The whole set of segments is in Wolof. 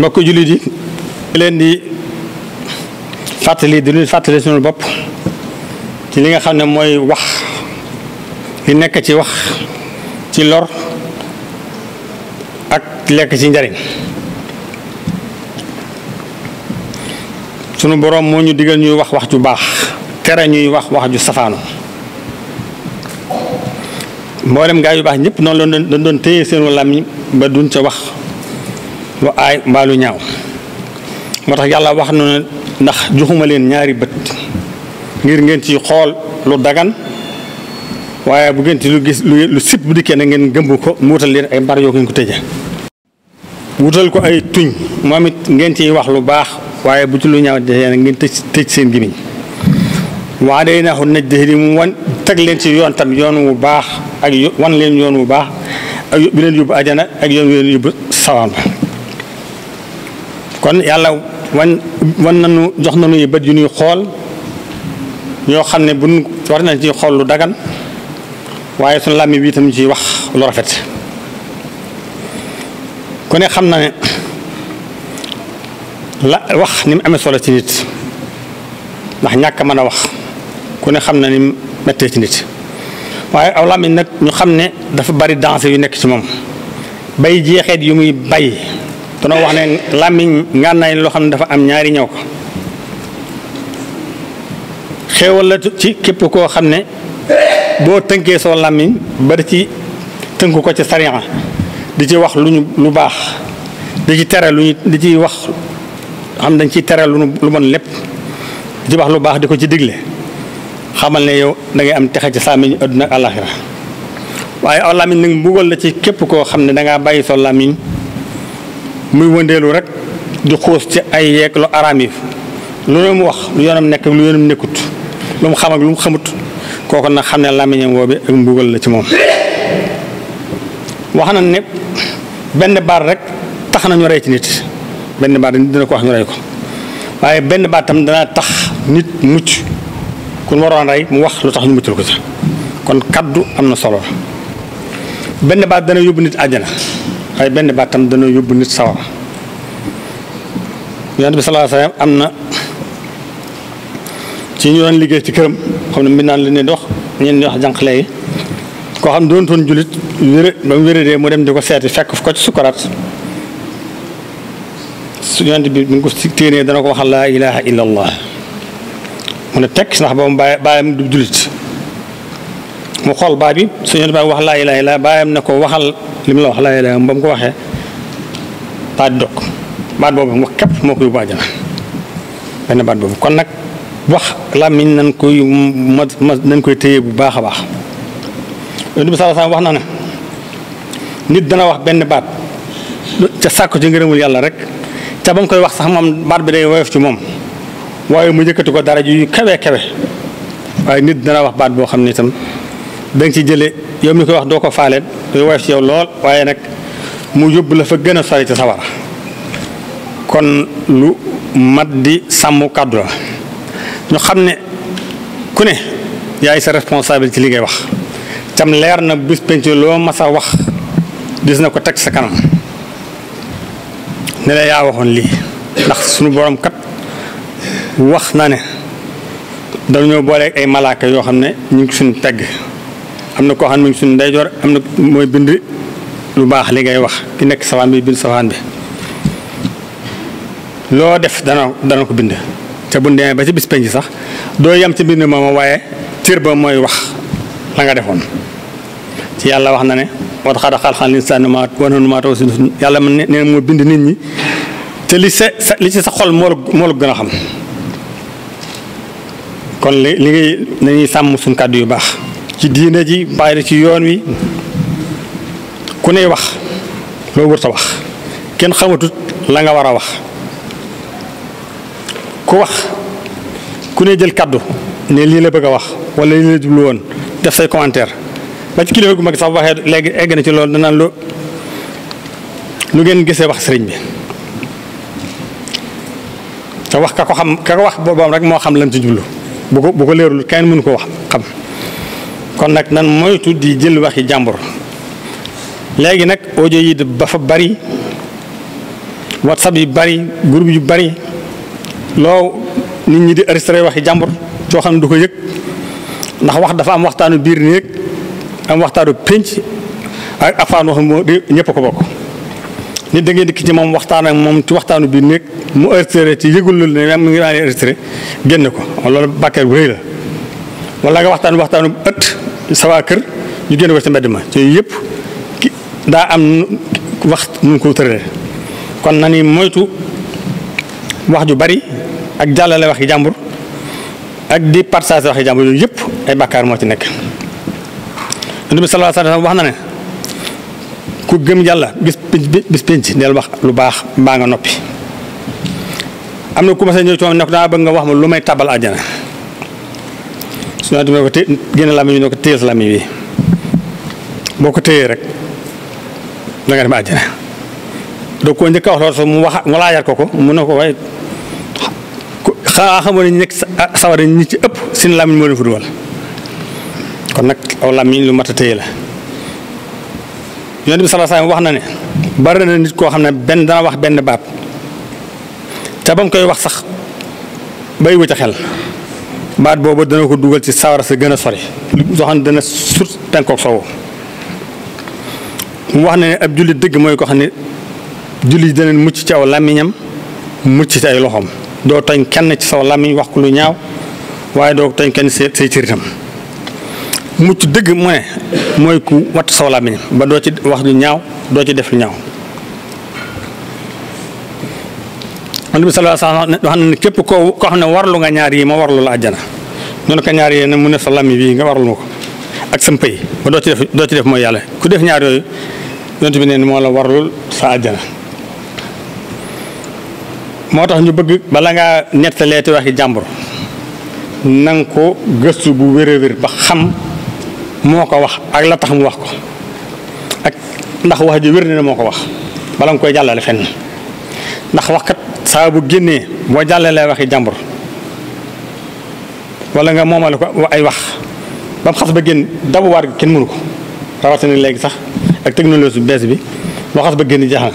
mbokk julit yi leen di fàttali di leen fàttali suñu bopp ci li nga xam ne mooy wax li nekk ci wax ci lor ak lekk ci njariñ sunu borom moo ñu digal ñuy wax wax ju baax tere ñuy wax wax ju safaano mboolem gaa yu baax ñëpp noonu la doon teye seenu ba duñ ca wax wa ay malu nyaaw ñaaw moo tax wax na ndax juxuma len ñaari bët ngir ngeen ci xol lu dagan waye bu ngeen ci lu gis lu sip bu dikene ngeen gembu ko mutal len ay mbar yo ngeen ko tëje wutal ko ay tuñ momit ngeen ci wax lu bax waye bu ci lu ñaaw de ngeen tëj tëj seen gimiñ waa day naaxu naj de di mu wan tag len ci yoon tam yoon wu bax ak wan len yoon wu bax ak bi len yub aljana ak yoon wi yub salam kon yàlla wan wan nañu jox na nañu bët yu nuy xool yoo xam ne buñ war nañ ci xool lu dagan waaye suñu làmmi bi itam ci wax lu rafet ku ne xam na ne la wax ni mu amee solo ci nit ndax ñàkk mën a wax ku ne xam na ni mu mettee ci nit waaye aw làmmiñ nag ñu xam ne dafa bari danger yu nekk ci moom bay jeexeet yu muy bay danoo wax ne làmmiñ ngànnaay loo xam ne dafa am ñaari ñaw ko xéewal la ci képp koo xam ne boo tënkee soo làmmiñ ba ci tënk ko ci sariya di ci wax lu ñu lu baax di ci tere lu ñu di ci wax xam dañ ciy tere lu lu bon lépp di wax lu baax di ko ci digle xamal ne yow da am texe ci sàmmiñ àdduna ak àllaaxira waaye aw làmmiñ nag mbugal la ci képp koo xam ne dangaa bàyyi soo làmmiñ muy wëndeelu rek di xuus ci ay yéeg lu araam yi lu ne mu wax lu yoonam nekk lu yoonam nekkut lu mu xam ak lu mu xamut kooku nag xam ne làmmiñam woobi ak mbugal la ci moom wax na ne benn baat rek tax nañu ñu rey ci nit benn baat dina ko wax ñu rey ko waaye benn baat tam dana tax nit mucc ku waroon rey mu wax lu tax ñu muccul ko ci kon kaddu am na solo benn baat dana yóbbu nit àjjana waaye benn baatam dana yóbbu nit sawar yonent bi sallallahu am na ci ñu liggéey ci këram xam ne mbi naan li dox ñeen ñu wax jànq koo xam doon toon julit ba mu wérédee mu dem di ko seeti fekk ko ci sukaraat su yonent bi mu ngi ko si téenee dana ko waxal laa ilaha illa allah mu ne tekk ndax ba mu bàyyi bàyyam du julit mu xool baa bi suñu baat wax laa ilaaha illallaah baayam ne waxal li la wax laa ilaaha illallaah ba mu ko waxee baat dog baat boobu mu képp moo ko yóbbu àjjana benn baat boobu kon nag wax làmmiñ nañ koy ma nañ koy téye bu baax a baax Yonent wax na nit dana wax benn baat ca sàkku ci ngërëmul yàlla rek ca ba mu koy wax sax moom baat bi day woyof ci moom waaye mu yëkkati ko dara ju kawe kawe waaye nit dana wax baat boo xam ne itam da ci jëlee yow mi koy wax doo ko faaleen day woyof ci yow lool waaye nag mu yóbbu la fa gën a sori ci sawara kon lu mat di sàmm kàddu la ñu xam ne ku ne yaay sa responsabilité ci li ngay wax tam leer na bis penc loo mas a wax gis na ko teg sa kanam ne yaa waxoon lii ndax suñu borom kat wax naa ne dañoo booleeg ay malaaka yoo xam ne ñu ngi suñu tegg amna ko koo xam ne suñu am na mooy bind lu bax li ngay wax ki nek sawan bi bind sawan bi lo def dana dana ko bind te bu demee ba ci bis penji sax do yam ci bind mama waye cër ba moy wax la nga defon ci yalla wax na ne wat khal khal insan ma wonu ma taw sun yalla man nee moo bind nit ñi te li sa li ci sa xol mo moo la xam kon li li ngay nañuy sam suñ kaddu yu bax ci diine ji bàyyi la ci yoon wi ku ney wax loo wërta wax kenn xamatut la nga war a wax ku wax ku ne jël kaddu ne lii la bëgg a wax wala lii la jublu woon def say commentaire ba ci kilifa gu mag sax waxee léegi egg na ci loolu danaan lu lu ngeen gisee wax sëriñ bi te wax ka ko xam ka ko wax boobaam rek moo xam lan ci jublu bu ko bu ko leerul kenn mënu ko wax xam kon nag nan moytu di jël waxi jàmbur léegi nag audio yi ba fa bari whatsapp yu bari groupe yu bari loo nit ñi di enregistré waxi jàmbur coo xam ne du ko yëg ndax wax dafa am waxtaanu biir néeg am waxtaanu pénc ak afaan wax moo di ñëpp ko bokk nit da ngeen dikk ci moom waxtaan ak moom ci waxtaanu biir néeg mu enregistré ci yëgul loolu mu ngi daan enregistré génn ko loolu bàkkeer nga waxtaan waxtaanu ëtt sa waa kër ñu génn ko ci mbedd ma ci yëpp daa am wax nu ko tëralee kon na moytu wax ju bari ak jàllale waxi jàmbur ak di partage waxi jàmbur yooyu yëpp ay bàkkaar moo ci nekk. Yonent bi sallallahu wax na ne ku gëm yàlla bis bis penc del wax lu baax mbaa nga noppi am na ku ma sa ñëw ci ne ko daa bëgg nga wax ma lu may tabal àjjana. suñu àdduna ne ko té génn làmmiñ bi ne ko téyel sa làmmiñ bi boo ko téyee rek da nga dem àjjana doo ko njëkk wax loolu sax mu wax ko ko mu ne ko waaye xanaa xamoon ne ah, ci ëpp seen làmmiñ moo leen fa nag aw lu mat a téye la yonent bi wax na ne bari na nit koo xam ne benn dana wax benn baat te ba koy wax sax bay wuute xel baat boobu dana ko dugal ci sawara sa gën a sore soo xam ne dana sut penkook sowu mu wax ne ab jullit dëgg mooy ko xam ne jullit dana mucc ci aw làmmiñam mucc ci ay loxoom doo tooñ kenn ci saw làmmiñ wax ku lu ñaaw waaye doo tooñ kenn say say cëritam mucc dëgg mu ne mooy ku watt saw làmmiñam ba doo ci wax lu ñaaw doo ci def lu ñaaw Nabi sallallahu alaihi wasallam han kep ko ko xamne warlu nga ñaar yi mo warlu la aljana non ko ñaar yi ne mu ne bi nga warlu ko ak sam pay ba do ci def do ci def moy yalla ku def ñaar yoy yonent bi ne mo la warlu sa aljana motax ñu bëgg bala nga nettalee ti waxi jambur nang ko gëstu bu wéré wér ba xam moko wax ak la tax mu wax ko ak ndax wax ji na wax balang koy jallale fenn ndax wax kat saa bu génnee boo jàllalee waxi jàmbur wala nga moom moomale ko ay wax ba mu xas ba génn dabuwaat gi kenn mënu ko rawatina léegi sax ak technologie bees bi boo xas ba génn jeex na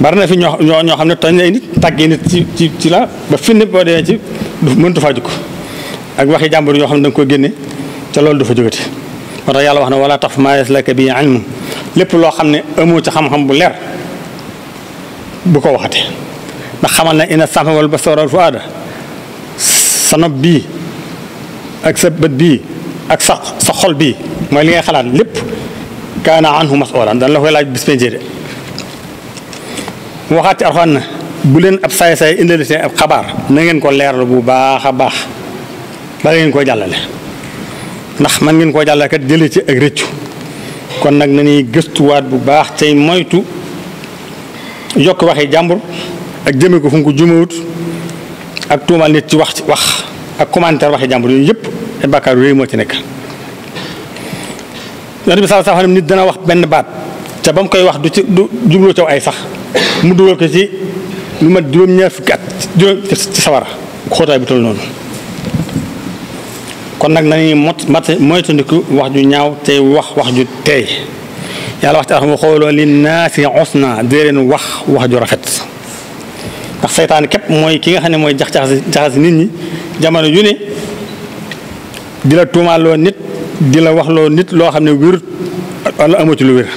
bari na fi ñoo ñoo xam ne tooñ lay nit tàggee nit ci ci ci la ba finne boo demee ci du mëntu faa jukk ak waxi jàmbur yoo xam ne da koo ko génne te loolu du fa jógati moo tax yàlla wax na wala taf maa yaslaka bi ilm lépp loo xam ne amoo ci xam-xam bu leer bu ko waxate ndax xamal na a sama wal basara wal fuada sa nopp bii ak sa bët bii ak sa xol bi may li ngay xalaat lépp kaana anhu masulan dana la koy laaj bis pénjéede waxaat ci alxuraan na bu leen ab saay saay indil seen ab xabaar na ngeen ko leerlu bu baax a baax bala ngeen koo jàllale ndax man ngeen koo jàllale kat jëlee ci ak rëccu kon nag nañuy gëstuwaat bu baax tey moytu yokk waxee jàmbur ak jëmee ko fu ko jumawut ak tuumaal nit ci wax ci wax ak commentaire waxe jàmbur yooyu yëpp ay bàkkaar yooyu moo ci nekk. yonent bi saa saa dana wax benn baat te ba mu koy wax du ci du jubloo caw ay sax mu dugal ko ci lu mat juróom-ñaar fukki at juróom sawara xóotaay bu toll noonu. kon nag nañuy mot mat moytandiku wax ju ñaaw tey wax wax ju teey yàlla wax ci alxam xooloo li naasi usna dee leen wax wax ju rafet. ndax saytaan képp mooy ki nga xam ne mooy jax jaxas nit ñi jamono yu ne di la tuumaaloo nit di la waxloo nit loo xam ne wérut wala amatu lu wér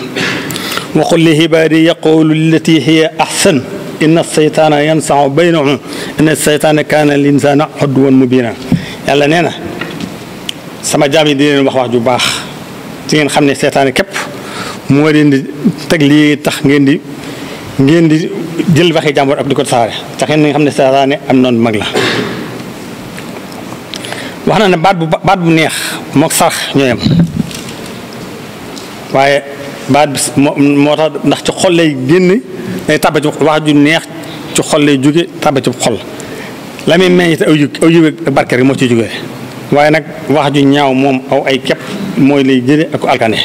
waqul li xibaadi yaqulu lillati hiya ahsan إن الشيطان ينسع baynahum إن الشيطان كان الإنسان عدوا mubina يلا نينا سما جامي دي yi واخ جو باخ wax ju baax ci ngeen xam ne saytaane képp ngeen di jël waxi jàmbur ab di ko tasaare tax ngeen nga xam ne saasaane am noonu mag la wax na ne baat bu baat bu neex mook sarax ñoo waaye baat bi moo tax ndax ci xol lay génn day tàbba ci ju neex ci xol lay jóge tàbba ci xol la muy meññite aw yu aw yu ak barke rek moo ciy jógee waaye nag wax ju ñaaw moom aw ay kepp mooy lay jële ak alkane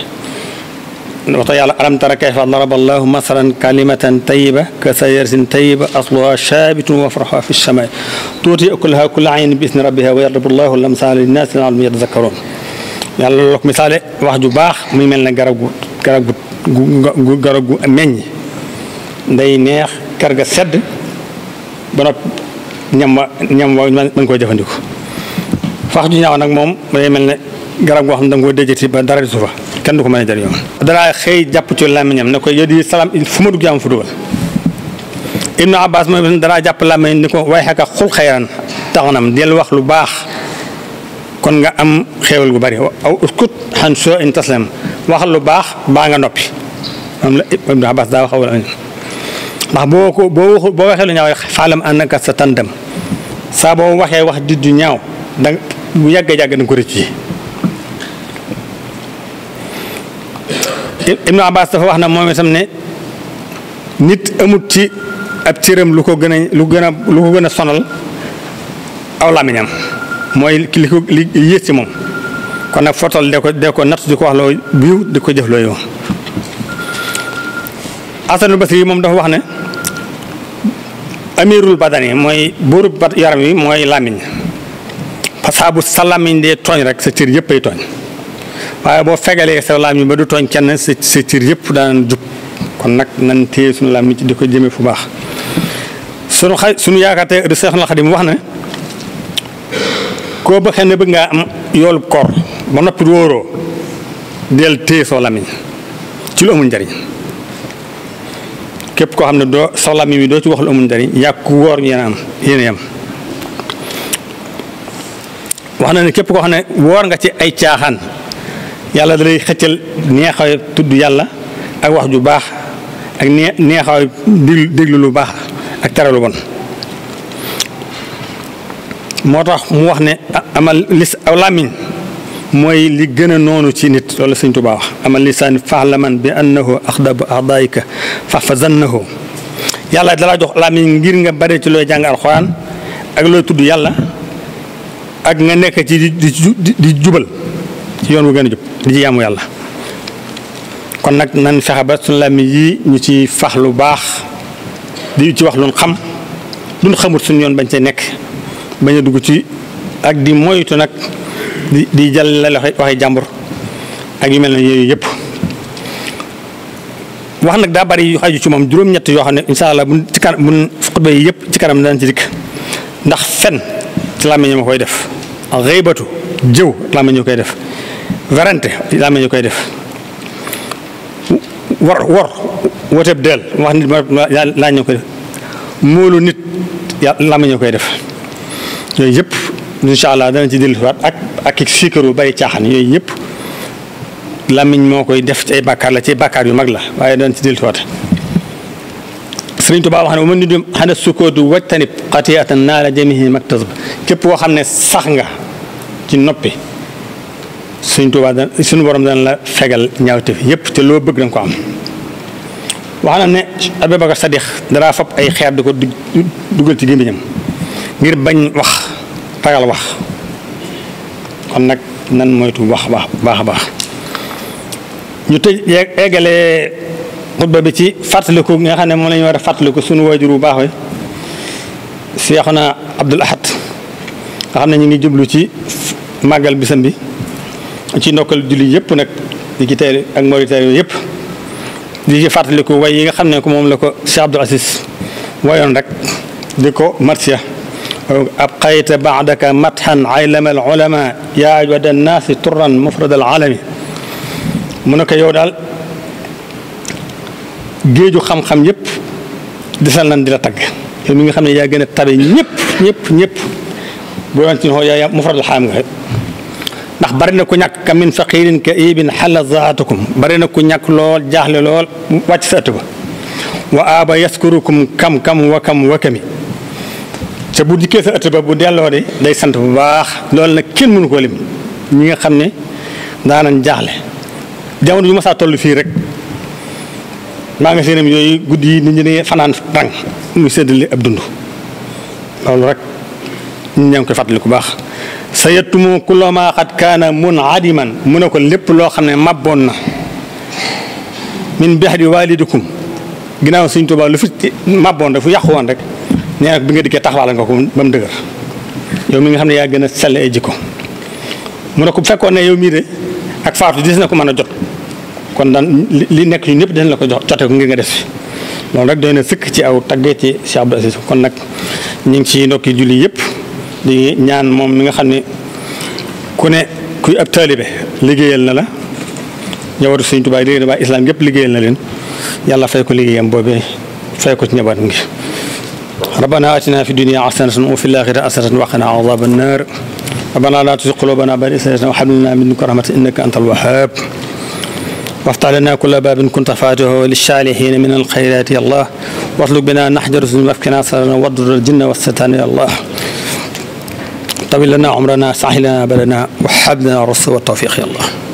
نطيع ألم ترى كيف ضرب الله مثلا كلمة طيبة كثير طيبة أصلها ثابت وفرحها في السماء تؤتي أكلها كل عين بإذن ربها ويضرب الله الأمثال للناس لعلهم يتذكرون يلا لك مثال واحد باخ من من غرغو غرغو ميني داي نيه كرغا سد بنوب نيام نيام و نكو جافانديكو فاخ جي نياو نك موم داي ملني غرغ واخ نكو ديجيتي با دارا سوفا kenn du ko mën a jëriñoo danaa xëy jàpp ci làmmiñam ne ko yédi salaam fu ma dugg yaa ma fa dugal Ibnu danaa jàpp làmmiñ ni ko waaye xaka xul xayran taxanam del wax lu baax kon nga am xéewal gu bari aw uskut xan soo in taslam wax lu baax baa nga noppi moom la Ibnu daa wax awal ndax boo ko boo waxul boo waxee lu ñaaw faalam annaka sa tandam saa boo waxee wax ju ñaaw da bu yàgg a yàgg da nga ko rëcc Ibnu Abbas dafa wax na moom itam ne nit amut ci ab cëram lu ko gën lu gën a lu ko gën a sonal aw làmmiñam mooy li ko li yées ci moom kon nag fotol de ko de ko natt di ko wax loo biiw di ko jëf loo yow Asanul Basri moom dafa wax ne amirul badani mooy buuru bat yaram wi mooy làmmiñ parce que bu sa làmmiñ de tooñ rek sa cër yëpp ay tooñ waye bo fegalé sa lam yi ba du tooñ kenn sa sa cir daan jub kon nak nan téye sunu lam yi ci diko jëme fu baax sunu xa sunu yaakaar tey Seexul Xadiim wax na ko ba ne na am yoolu koor ba nopi woro del téye soo lamiñ ci lu amul njariñ képp ko xam do doo lam lamiñ do ci wax lu amul njariñ yàkk wóor yéen am yéen am wax na ne képp ko xam ne nga ci ay tiaxan yàlla dalay xëccal neexaay tudd yàlla ak wax ju baax ak neexaay déglu lu baax ak tere lu bon moo tax mu wax ne amal lis aw làmmiñ mooy li gën a noonu ci nit loolu sëñ Tuubaa wax amal lisaani faxlaman bi annahu axdabu axdaayika faxfazannahu yàlla dalaa jox làmmiñ ngir nga bare ci looy jàng alxuraan ak looy tudd yàlla ak nga nekk ci di jubal ci yoon wu gën a jub di ci yàmmu yàlla kon nag nan fexe ba suñu làmmiñ yi ñu ci fax lu baax di ci wax luñ xam luñ xamut suñu yoon bañ cee nekk bañ a dugg ci ak di moytu nag di di jàllale waxi jàmbur ak yu mel ne yooyu yëpp wax nag daa bari yu xaju ci moom juróom-ñett yoo xam ne incha allah buñ ci kanam buñ xutba yi yëpp ci kanam danañ ci dikk ndax fen ci làmmiñ ma koy def xëybatu jëw làmmiñ ñu koy def werante làmmiñ ñu koy def war war woteeb del wax nit laa ñu koy def moolu nit làmmiñ ñu koy def yooyu yëpp incha allah dana ci dellusiwaat ak ak i siikaru bari caaxaan yooyu yëpp làmmiñ moo koy def ci ay bàkkaar la ci bàkkaar yu mag la waaye dana ci dellusiwaat Sëriñ Tuubaa wax ne bu ma nit ñi xanaa sukkoodu wajtanib xatiatan naa la jamihi maktasab képp koo xam ne sax nga ci noppi. suñ Tuubaa dana suñu borom dana la fegal ñaawteef yépp te loo bëgg danga ko am wax na ne Abubakar Sadiq dara fab ay xeer di ko dugal ci gémmiñam ngir bañ wax ragal wax kon nag nan moytu wax baax a baax ñu tëj eggalee xutba bi ci fàttaliku nga xam ne moo la ñu war a fàttaliku sunu waajur bu baax wi Seexuna Abdul Ahad nga xam ne ñu ngi jublu ci màggal bisam bi ci nokal julli yëpp nak di ci teel ak Mauritanie yëpp di ci fàttaliku way yi nga xamné ko mom la ko Cheikh Abdou assis wayon rek di ko al ulama ya مدحا علم العلماء يا أجود الناس ترا مفرد العالم منك يودال xam خم خم يب دسال نان ديلا mi nga xamné ya gëna tabé ñep ñep ñep bo yontin ho ya mufrad al ham bari na ku ñàkk ka min faqirin ka ibin xala bari na ku ñàkk lool jaaxle lool wa aaba yaskurukum kam kam wa kam wa kami te bu dikkee sa ëtt ba bu delloo de day sant bu baax loolu nag kenn mënu ko lim ñi nga xam ne daanañ jaaxle jamono yu ma saa toll fii rek maa nga seenam yooyu guddi yi nit ñi ne fanaan tàng muy séddale ab dund loolu rek ñu ñaa koy fàttali ku baax sa yettumu kullama xat kaana mun adiman mu ne ko lépp loo xam ne màbboon na min bihri walidikum ginnaaw suñ tubaab lu fi mabboon rek fu yàqu woon rek nee nag bi nga dikkee taxawaale nga ko ba mu dëgër yow mi nga xam ne yaa gën a sell ay jikko mu ne ko bu fekkoon ne yow mii ak faatu dis na ko mën a jot kon daan li nekk ñu ñëpp dañ la ko jox jote ko ngir nga def loolu rek doy na sëkk ci aw tagge ci Cheikh Abdou Aziz kon nag ñu ngi ciy ndokki julli yëpp. di ñaan moom mi nga xam ku ne kuy ab taalibe liggéeyal na la njabootu Sëriñ Tuubaa liggéeyal na waa islam yëpp liggéeyal na leen yàlla fay ko liggéeyam boobee fay ko ci njaboot ngi ربنا آتنا في الدنيا حسنة وفي الآخرة حسنة وقنا عذاب النار ربنا لا تزغ قلوبنا بعد إذ هديتنا وهب لنا من لدنك رحمة إنك أنت الوهاب وافتح لنا كل باب كنت فاتحه للصالحين من الخيرات يا الله واطلب بنا نحجر ذنوب أفكنا سرنا وضر الجن والستان يا الله طول لنا عمرنا سهل لنا بلنا وحبنا رسول التوفيق يا الله